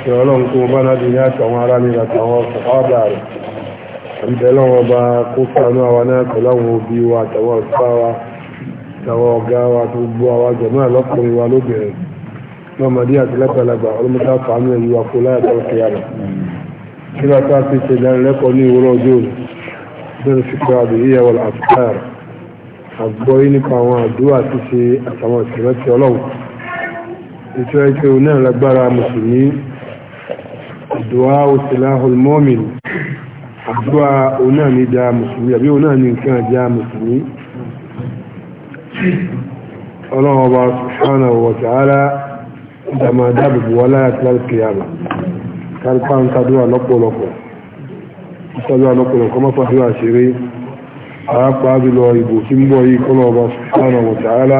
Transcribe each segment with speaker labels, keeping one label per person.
Speaker 1: ṣe ọlọ́run kó bá náàbí ní àtàwọn ará ní àtàwọn ọ̀pá rẹ̀ ìbẹ̀lọ́wọ́ bá kó sánú àwọn náà pẹ̀lú àwọn òbí wa àtàwọn ọ̀pá wa àtàwọn ọ̀gá wa tó gbọ́ àwọn jẹ̀mọ́ àlọ́kùnrin wa lóbìnrin lọ́mọdé àti lágbàlagbà ọlọ́mọdé àfàánú ẹ̀yí wa kó láyàtọ̀ òkè àrẹ̀ kí lọ́ta ti ṣe ìdánilẹ́kọ̀ọ́ ní ètò ẹjọ́ náà lágbára mùsùlùmí àdúwà òsìláhùl mọ́mìn àdúwà òun náà ní dá mùsùlùmí àbí òun náà ní nǹkan àjá mùsùlùmí ọlọ́run ọba subhanahu wa ta'ala ìdàmà dábùbù wà láyà tí láti kìyàmà kárípá ń tàdúrà lọ́pọ̀lọpọ̀ ìtàdúrà lọ́pọ̀lọpọ̀ mọ́fà sí àṣírí pàápàá jùlọ ìbò tí ń bọ̀ yìí kọ́lọ̀ ọba subhanahu wa ta'ala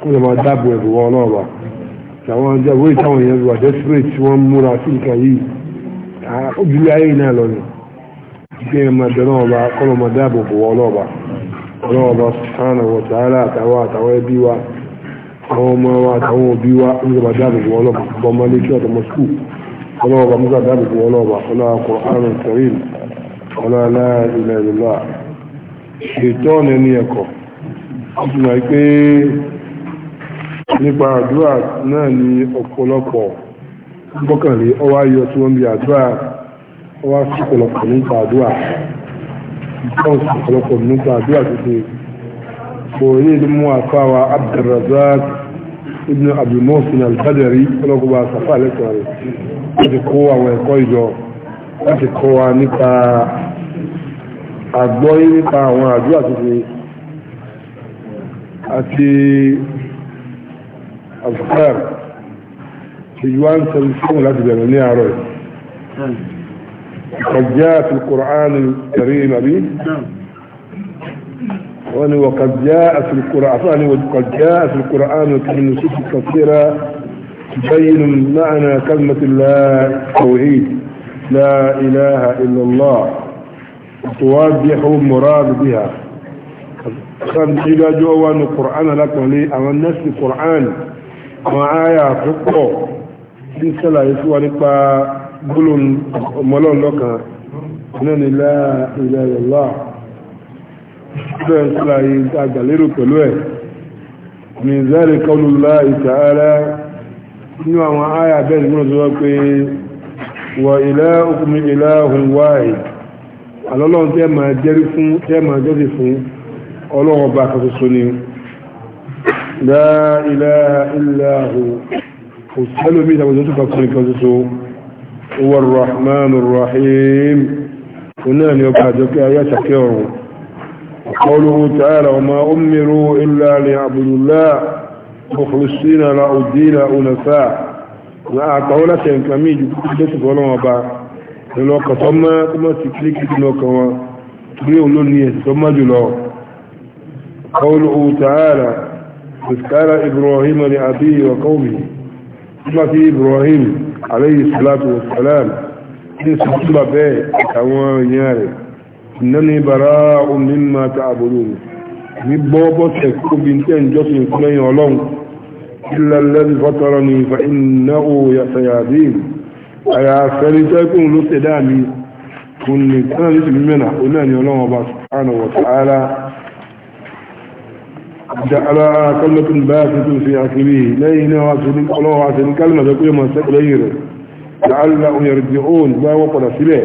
Speaker 1: kó ìdàmà dábùbù ẹ̀bùwọ́ ọlọ́ọ̀bà àwọn ìjàwó ìtàwọn èèyàn wà desperate tí wọ́n múra sí nǹkan yìí ojúlé ayé náà lọ ni dẹ̀rọ ọba kọlọmọ dáàbò bò wọ́ ọlọ́ọ̀bà ọlọ́ọ̀bà sàánà wọ̀ sàárà ẹbí wa àwọn ọmọ wa àtàwọn òbí nípa àdúrà náà ní ọ̀pọ̀lọpọ̀ gbọ́kànlé ọwá yọ tí wọ́n bí àdúrà ọwá sí ọ̀pọ̀lọpọ̀ nípa àdúrà ìtàn sí ọ̀pọ̀lọpọ̀ nípa àdúrà títí kò ní ìlú mú àfáwa Abdulrazak ibn abdulmohsen al-Badri ọlọ́gbọ́ba sàfà lẹ́kọ̀ọ́ rẹ̀ láti kó àwọn ẹ̀kọ́ ìjọ láti kọ́ wa nípa àgbọ́yé nípa àwọn àdúrà títí àti أذكار جوان سلسون الأجبر من يعرف نعم. قد جاء في القرآن الكريم أبي نعم. وأني وقد جاء في القرآن وقد جاء في القرآن الكريم نصوص كثيرة تبين معنى كلمة الله التوحيد لا إله إلا الله وتوضح مراد بها كان إذا جوا القرآن لك ولي أما الناس القرآن àwọn àyà tó pọ̀ bí sẹ́làyé fún wa nípa gbólóhùn ọmọlọ́run lọ́kàn náà ni láàrín ìlà bẹ́ẹ̀ sẹ́làyé àgbàlérò pẹ̀lú ẹ̀ ní ìzáàrí kọlù láìsàárá nínú àwọn àyà bẹ́ẹ̀ gbọ́nà tó wá pé wà ilá òkúmi ilá ohun wáyé alọ́lọ́run tẹ́ máa jẹ́rí fún tẹ́ máa jẹ́rí fún ọlọ́run ọba kan ṣoṣo ni لا إله إلا هو والسلم إذا وزنتك أبصر هو الرحمن الرحيم كنا ونان يبعدك آياتك يرون وقوله تعالى وما أمروا إلا ليعبدوا الله مخلصين لا الدين أنفاء لا أعطوا لك إن كمي جبتك ولا ما بعد لو كتم كما تكليك لو كما تريد لني ثم جلو قوله تعالى إذ إبراهيم لأبيه وقومه ثم في إبراهيم عليه الصلاة والسلام إن سبب به كوان ياري إنني براء مما تعبدون نبوبو تكو بنتين جسم كلين ولون إلا الذي فطرني فإنه يسيادين أيا سريتكم لتدامي كن كان يسمي منها أناني الله سبحانه وتعالى جعل كلمة باسة في عقبه لين واسل الله واسل كلمة يقول من سكلير لعلهم يرجعون ما وطن سلاه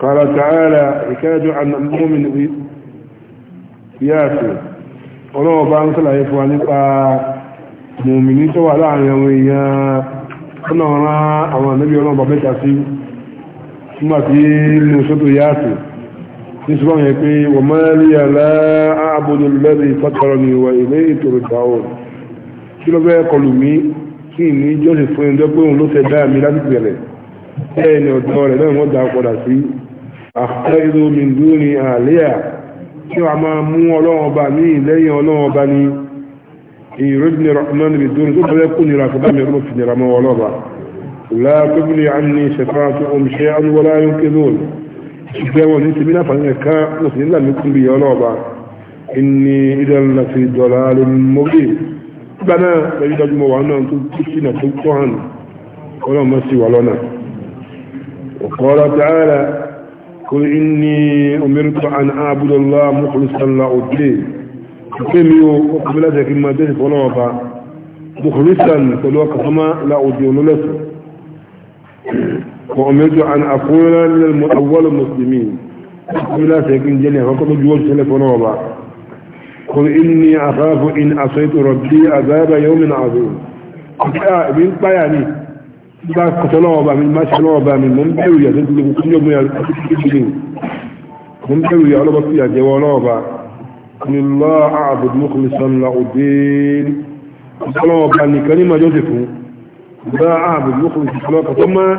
Speaker 1: قال تعالى يكاد عن المؤمن ياسر الله بان صلى يفوان مؤمنين سواء لا يوميا كنا هنا أما النبي الله بابك أسيب ثم في نوشة ياسر نسبة يقول وما لي لا أعبد الذي فطرني وإليه ترجعون kí ló fẹ́ kọlù mí kí ní jọ́sìn fún ẹjọ́ pé òun ló fẹ́ dá mi láti bẹ̀rẹ̀ bẹ́ẹ̀ ni ọ̀dọ́ rẹ̀ náà wọ́n dá padà sí àfẹ́rò mi dúró ní àléà kí wàá máa mú ọlọ́run ọba ní ìlẹ́yìn ọlọ́run ọba ní ìrọ́jìnì náà níbi dúró tó fẹ́ kú nira kó bá mi rọ́ mọ́ ọlọ́ba. ìlà tó ṣẹ̀fà tó ń ṣe ìgbẹ́ wọn ní tèmi náà fàánà ká lọ́sí nílà ní kúrò yọ ọlọ́ọ̀bá ní ìdá láti dọ̀là lè mọ́bí nígbà náà lórí dájú wà náà tó kú sí tó kọ́ hàn ọlọ́run sí wà lọ́nà وقال تعالى قل إني أمرت أن أعبد الله مخلصا له الدين كمي وقبلتها كما تجد ولوبا مخلصا فلوك لا أدين لك وأمرت أن أكون أول المسلمين لا سيكون جنة فقط جوج تلفون وضع قل إني أخاف إن أصيت ربي عذاب يوم عظيم آه، من طياني لا قتلوا من ما شلوا من من بيوية تدلق كل يوم يتدلق من بيوية على بطيئة جوانا قل الله أعبد مخلصا لأدين قتلوا بأني كلمة جوزفه لا أعبد مخلصا لأدين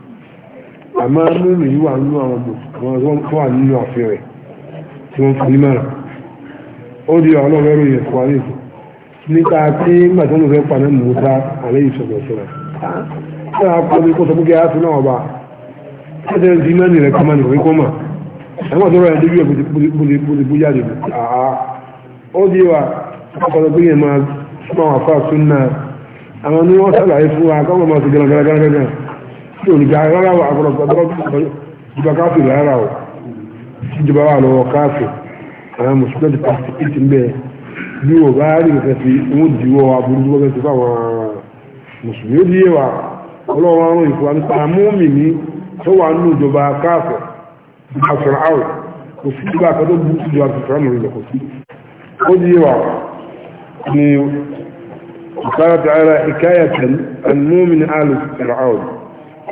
Speaker 1: àmọ́ mímú yìí wà nínú àwọn ọmọ tó wà nínú àfin rẹ̀ tí wọ́n fi mẹ́ra ó di ọlọ́rọ̀ ẹ̀rọ yẹn fún wa nìkan nípa tí màtọ́nù fẹ́ pa náà mùsá alẹ́ ìṣọ̀gbọ̀ sílẹ̀ tí a kọ́ ní kó sọ pé a fi náà ọba ẹ̀jẹ̀ ti mẹ́rin rẹ̀ kọ́ mẹ́rin kọ́ mà ẹ̀wọ̀n tó rẹ̀ débi ẹ̀ bóyá lè àá ó di wa ọkọ̀ tó gbé yẹn máa fún àwọn afáàtún náà àwọn ni wọ́n tí ò ní gba rárá o àgbọ̀dọ̀ gbọ́dọ̀ ìjọba káfíìn rárá o ìjọba wà lọ́wọ́ káfíìn àwọn mùsùlùmí pàṣípì ti ń bẹ bí o bá rí nǹkan sí wọn dìwọ́ aburú wọn fẹ́ fáwọn mùsùlùmí ó díye wa ọlọ́wọ́ àwọn ìfowópamọ́ nípa amóhùnmí ní tó wà nínú ìjọba káfíìn àfẹ́rẹ́ àwọn kò sí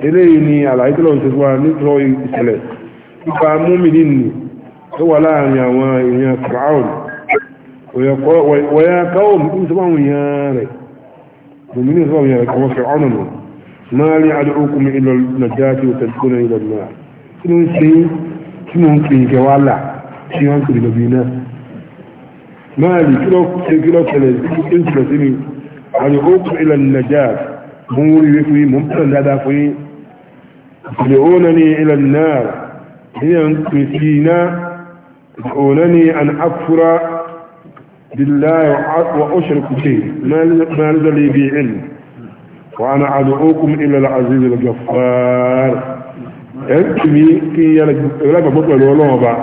Speaker 1: eléyìí ni àlàyé tó lọ́n ti wá nítorọ̀ ìṣẹ̀lẹ̀ nípa múmìnì nì tó wà láàrin àwọn èèyàn firaun wọ̀yà káwọ̀ mú sọ àwọn èèyàn rẹ̀ múmìnì sọ àwọn èèyàn rẹ̀ kọwọ́ firaun nù máa rí adúrókùn ilọ̀ nàjá tí ó tẹ̀sí kúnlẹ̀ ilọ̀ náà kí ló ń ṣe kí ló ń sí ni adúrókùn ilọ̀ nàjá mú rí wípé mú ń pẹ̀lẹ̀ fún yín يدعونني إلى النار هي مسكينة يدعونني أن أكفر بالله وأشرك به ما ليس لي به علم وأنا أدعوكم إلى العزيز الجفار ẹ̀kìmí kí ẹlẹ́gbẹ̀gbọ́ pẹ̀lú ọlọ́run ba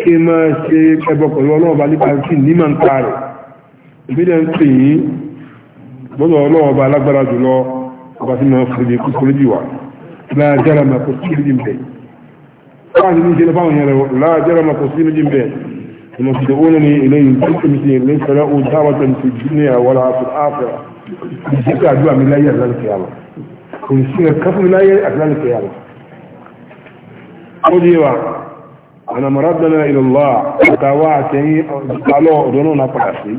Speaker 1: kí ma ṣe ẹgbẹ̀ pẹ̀lú ọlọ́run ba nípa kí ní ma ń ta rẹ̀ ìbílẹ̀ ń pè yí gbọ́dọ̀ ọlọ́run ba lágbára jùlọ ọba tí ma ń fòrìdè kúkúrú jìwà لا جرم قصير جنبه قال من جلبان لا جرم قصير جنبه يمسدعونني إليه بلك مثلي ليس له دعوة في الدنيا ولا في الآخرة يجب أدعى من لا يأذن القيامة ونسينا الكفر لا يأذن القيامة أوديوا أنا مردنا إلى الله وتواعتني قالوا دونونا قرأسي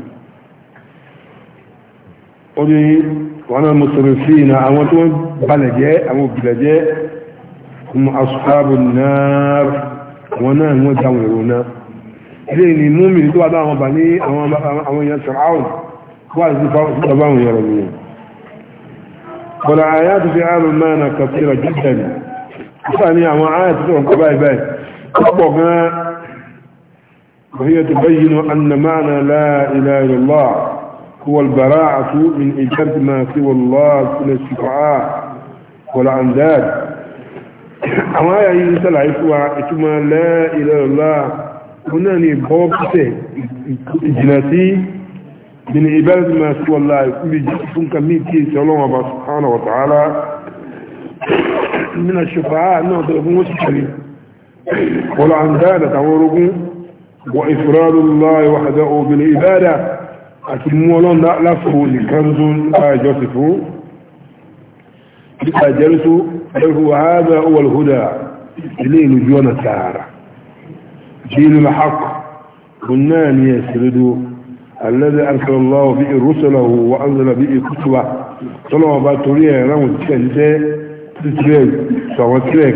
Speaker 1: orí wọn musrifina àwọn tó balẹ̀ jẹ́ àwọn òbílẹ̀ jẹ́ kuma ashabun nar wọn náà wọ́n dáwọn èrò náà ilé ni múmi tó wà láwọn bà ní àwọn èèyàn sàráhùn wà sí fáwọn yọrọ mi kọ̀lá àyà tó fi àrùn máa na kàfíra jùdà ní kúta ní àwọn àyà tó tọ̀rọ̀ kọ̀bá ibẹ̀ kọ̀pọ̀ gan-an وهي تبين أن معنى لا إله إلا هو البراعة من إيجاد ما سوى الله من الشفعاء والعنداد أما مثل عيسوى إتما لا إله إلا الله هنا نبوكسه إجناسي من عبادة ما سوى الله كل جسم كمين كي سلام الله سبحانه وتعالى من الشفعاء أنه تلقون وسكري والعنداد تعورهم وإفراد الله وحده بالعبادة àti mú ọlọ́run láfòó nìkan tó nípa ìjọsìn fún nípa ìjẹ́rìsó ẹ̀rù ààbẹ̀ ọwọ̀lùhúdà ilé ìlújú ọ̀nà tààrà jílù lahaq kun náà ni ẹ̀sìn lódó alẹ́dẹ̀ alkalallahu bí irúsọ̀lọ̀wò wa anzala bí ìkútuwa tọ́lọ́wọ́ bá torí ẹ̀ ráhùn tẹ́ǹtẹ́ títílẹ̀ sọ̀wọ́n tílẹ̀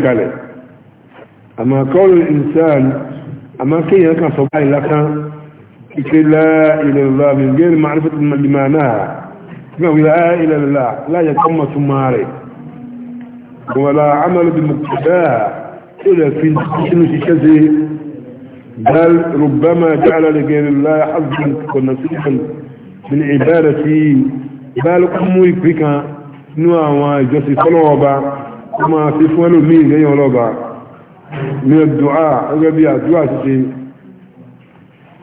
Speaker 1: يقول لا إلى الله من غير معرفة لمعناها يقول لا إلى الله لا يقوم سماري ولا عمل بمقتداها إلا في نشيشته بل ربما جعل لغير الله حظا ونصيحا من عبادته بل أمو يكفيك نوع وجسي صلوبا وما في فولو مين غير من الدعاء أغبيا دعاء سيشي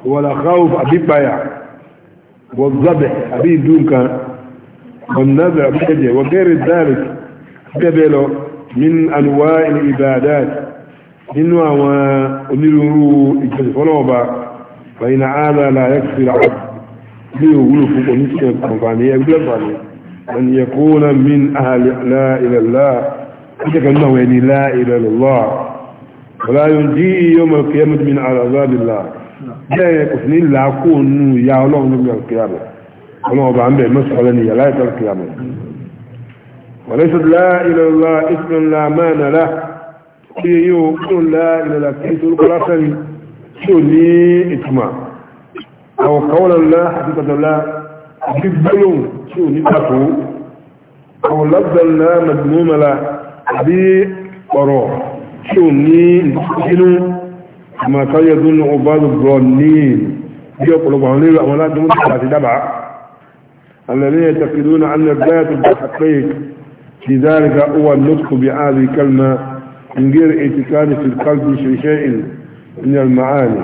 Speaker 1: ولا خوف أبي بيع والذبح أبي دونك والنذر بحجة وغير ذلك قبله من أنواع العبادات من ونيرو إجازة فلوبا فإن هذا لا يكفي العبد ليقول فوق نسكة كمبانية يقول أن يكون من أهل لا إلى الله أجل أنه يعني لا إلى الله ولا ينجيه يوم القيامة من عذاب الله bẹ́ẹ̀ kò sí ní ìlà kó nù ìyá ọlọ́run níbi àkíyàmọ̀ ọlọ́run bá ń bẹ̀ mọ́sọ̀rọ̀ ní ìyàlá ìtọ́ àkíyàmọ̀ وليس لا إلى الله اسم لا معنى له في يوم لا إلى الله كيس القرآن سني إتما أو قولا لا حقيقة لا بيبلون سني تفو أو لفظا لا مذموم لا بي قرار سني إنو àmà káyọ̀ tó ní ọba lùgbọ́ ní bí ọ̀pọ̀lọpọ̀ àwọn lérò àwọn aládùn tó àti dábàá alẹ́lẹ́ yẹn tàkìdó na alẹ́ bẹ́ẹ̀ tó bá pé kì dáríga ó wà lókù bí áàrí kalma ngir itikani fi kalbi shay'in min al-ma'ani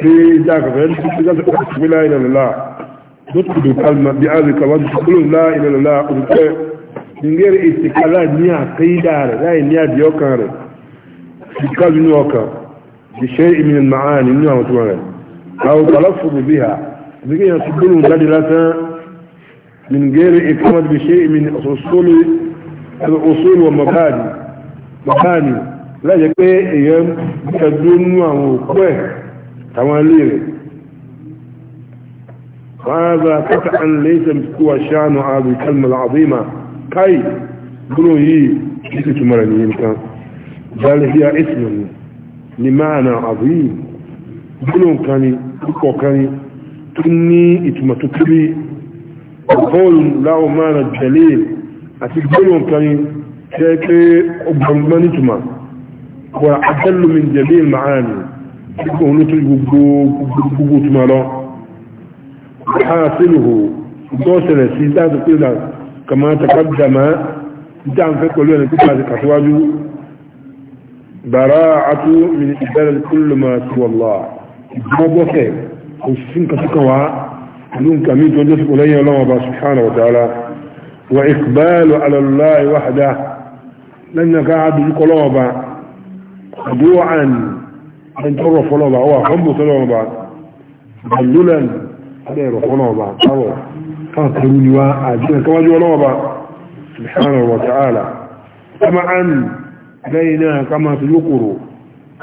Speaker 1: fi daka fa yadda fi daka fi la ilaha illallah lókù بشيء من المعاني من يوم تمام أو تلفظ بها بقي يصدون دلالة من غير إكمال بشيء من أصول الأصول والمبادئ مباني لا يكفي أيام تدون وكوه توالير هذا قطعا ليس هو شأن هذه الكلمة العظيمة كي بلو هي كيف تمرني بل هي اسم ní máàna àbúyìn gbólóhùn kan ni púpọ̀ kan ni tó ní ìtumọ̀ tó kéré ọgọ́rùn láwọn máàna jẹ̀lẹ̀ àti gbólóhùn kan ni tẹ́ pé ọgbọ̀ngbọ́n nítumọ̀ wà àtẹ́lùmí jẹ̀lẹ̀ màánì púpọ̀ òun ló tó gbogbo gbogbo túmọ̀ lọ حاصله دوسنا سيدات كلها كما تقدم دعم فكل يوم كتاب كتواجه براعة من إبادة كل ما سوى الله ما وخير وشفين كسكوا لون كميت وجسك إلي الله سبحانه وتعالى وإقبال على الله وحده لأنك قاعد القلوب خدوعا أن تعرف الله هو خمس الله ذللا هذا يعرف الله تعرف فاكروني وأعجلك واجه الله سبحانه وتعالى طمعا لينا كما تذكر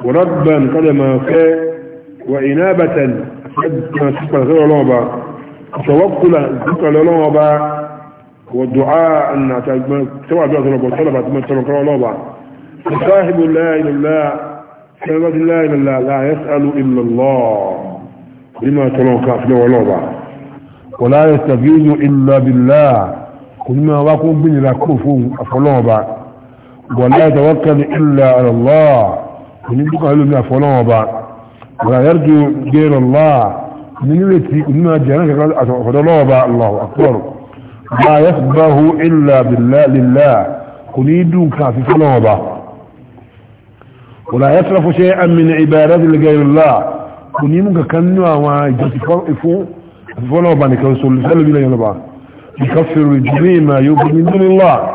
Speaker 1: وربا كما فاء وإنابة كما تذكر غير لعبة وتوكلا ذكر لعبة والدعاء أن تبع دعاء الله وطلبة ما تذكر لعبة وصاحب لا إلا الله صاحب لا إلا الله لا يسأل إلا الله بما تنوكا في لعبة ولا يستفيد إلا بالله كل ما وقوم بني لا كفو ولا توكل إلا على الله من يبقى هلو من أفوالهم وبعد ولا يرجو غير الله من يبقى إنما جهنك أفضل الله وبعض الله أكبر لا يخبه إلا بالله لله قنيد كافي فلهم وبعد ولا يصرف شيئا من عبادات لغير الله قنيد كنوا ويجسفون فلهم وبعض كرسول الله
Speaker 2: يكفر الجميع
Speaker 1: ما يبقى من دون الله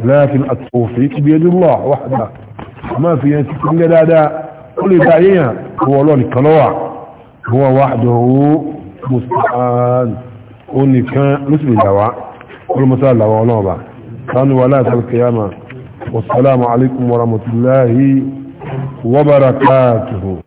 Speaker 1: لكن التوفيق بيد الله وحده ما في يتكلم لا لا كل داعية هو لون كلوع هو وحده مستعان قولي كان مثل الدواء كل مثال دواء ونوبة كان ولاة القيامة والسلام عليكم ورحمة الله وبركاته